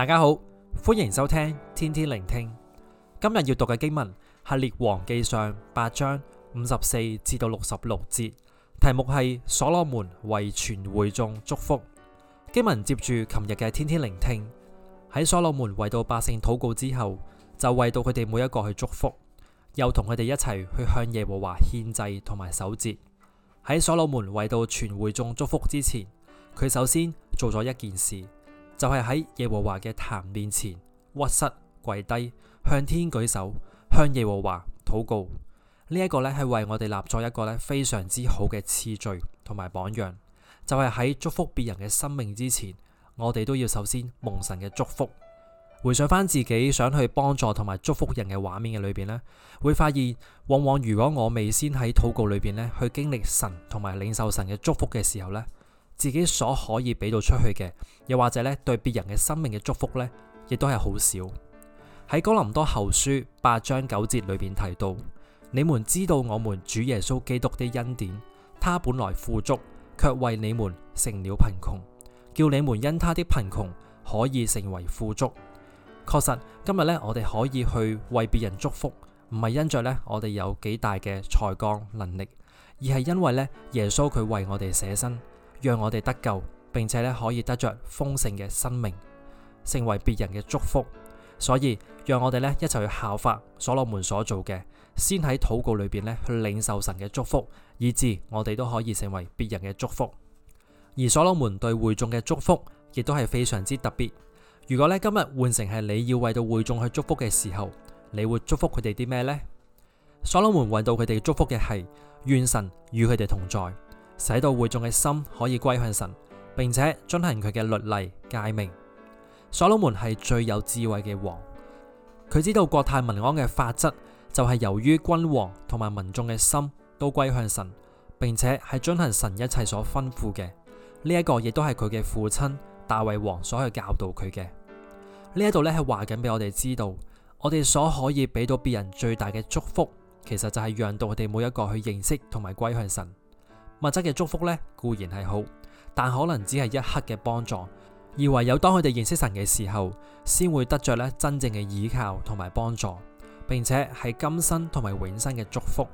大家好，歡迎收聽天天靈聽。今日要讀嘅經文係列王記上八章五十四至到六十六節，題目係所羅門為全會眾祝福。經文接住琴日嘅天天靈聽，喺所羅門為到百姓禱告之後，就為到佢哋每一個去祝福，又同佢哋一齊去向耶和華獻祭同埋守節。喺所羅門為到全會眾祝福之前，佢首先做咗一件事。就係喺耶和華嘅壇面前屈膝跪低，向天舉手，向耶和華禱告。呢、這個、一個咧係為我哋立咗一個咧非常之好嘅次序同埋榜樣。就係、是、喺祝福別人嘅生命之前，我哋都要首先蒙神嘅祝福。回想翻，自己想去幫助同埋祝福人嘅畫面嘅裏邊呢，會發現往往如果我未先喺禱告裏邊咧去經歷神同埋領受神嘅祝福嘅時候咧。自己所可以俾到出去嘅，又或者咧對別人嘅生命嘅祝福呢，亦都係好少。喺哥林多後書八章九節裏邊提到，你們知道我們主耶穌基督的恩典，他本來富足，却為你們成了貧窮，叫你們因他的貧窮可以成為富足。確實今日呢，我哋可以去為別人祝福，唔係因着呢，我哋有幾大嘅才幹能力，而係因為呢，耶穌佢為我哋捨身。讓我哋得救，並且咧可以得着豐盛嘅生命，成為別人嘅祝福。所以，讓我哋咧一齊去效法所羅門所做嘅，先喺禱告裏邊咧去領受神嘅祝福，以致我哋都可以成為別人嘅祝福。而所羅門對會眾嘅祝福，亦都係非常之特別。如果咧今日換成係你要為到會眾去祝福嘅時候，你會祝福佢哋啲咩呢？所羅門為到佢哋祝福嘅係願神與佢哋同在。使到會眾嘅心可以歸向神，並且遵行佢嘅律例誡命，所羅門係最有智慧嘅王，佢知道國泰民安嘅法則就係由於君王同埋民眾嘅心都歸向神，並且係遵行神一切所吩咐嘅。呢、這、一個亦都係佢嘅父親大衛王所去教導佢嘅。呢一度咧係話緊俾我哋知道，我哋所可以俾到別人最大嘅祝福，其實就係讓到佢哋每一個去認識同埋歸向神。物質嘅祝福呢，固然係好，但可能只係一刻嘅幫助，而唯有當佢哋認識神嘅時候，先會得着咧真正嘅倚靠同埋幫助，並且係今生同埋永生嘅祝福。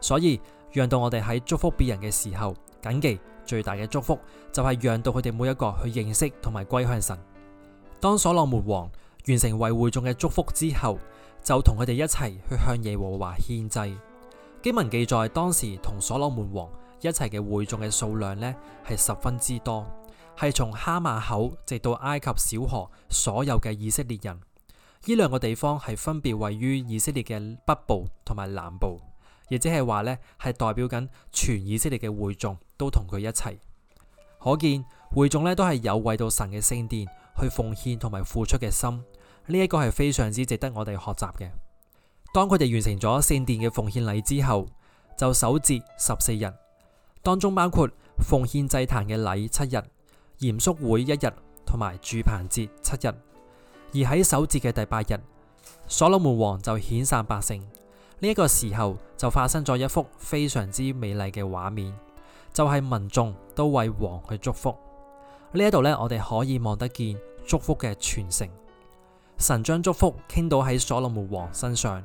所以讓到我哋喺祝福別人嘅時候，謹記最大嘅祝福就係讓到佢哋每一個去認識同埋歸向神。當所羅門王完成為會眾嘅祝福之後，就同佢哋一齊去向耶和華獻祭。經文記載，當時同所羅門王一齊嘅會眾嘅數量呢，係十分之多，係從哈馬口直到埃及小河，所有嘅以色列人。呢兩個地方係分別位於以色列嘅北部同埋南部，亦即係話呢，係代表緊全以色列嘅會眾都同佢一齊。可見會眾呢都係有為到神嘅聖殿去奉獻同埋付出嘅心。呢、這、一個係非常之值得我哋學習嘅。當佢哋完成咗聖殿嘅奉獻禮之後，就守節十四日。當中包括奉獻祭壇嘅禮七日、嚴肅會一日同埋住棚節七日，而喺守節嘅第八日，所羅門王就遣散百姓。呢、這、一個時候就發生咗一幅非常之美麗嘅畫面，就係、是、民眾都為王去祝福。呢一度呢，我哋可以望得見祝福嘅傳承，神將祝福傾倒喺所羅門王身上，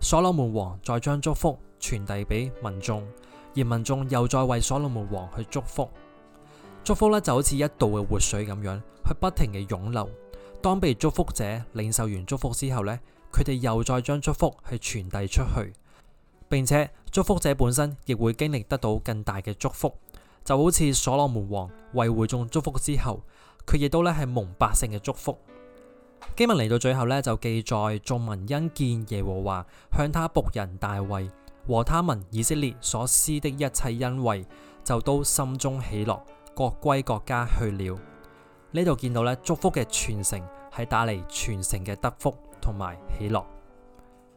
所羅門王再將祝福傳遞俾民眾。而民眾又再為所羅門王去祝福，祝福咧就好似一道嘅活水咁樣，去不停嘅湧流。當被祝福者領受完祝福之後呢，佢哋又再將祝福去傳遞出去，並且祝福者本身亦會經歷得到更大嘅祝福。就好似所羅門王為會眾祝福之後，佢亦都咧係蒙百姓嘅祝福。經文嚟到最後呢，就記載眾民因見耶和華向他僕人大衛。和他民以色列所施的一切恩惠，就都心中喜樂，各歸各家去了。呢度見到咧祝福嘅傳承係帶嚟傳承嘅得福同埋喜樂。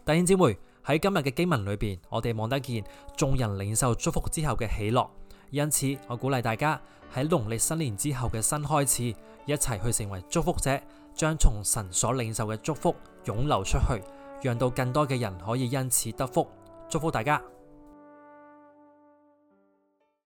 弟兄姐妹喺今日嘅經文裏邊，我哋望得見眾人領受祝福之後嘅喜樂。因此，我鼓勵大家喺農曆新年之後嘅新開始，一齊去成為祝福者，將從神所領受嘅祝福湧流出去，讓到更多嘅人可以因此得福。祝福大家！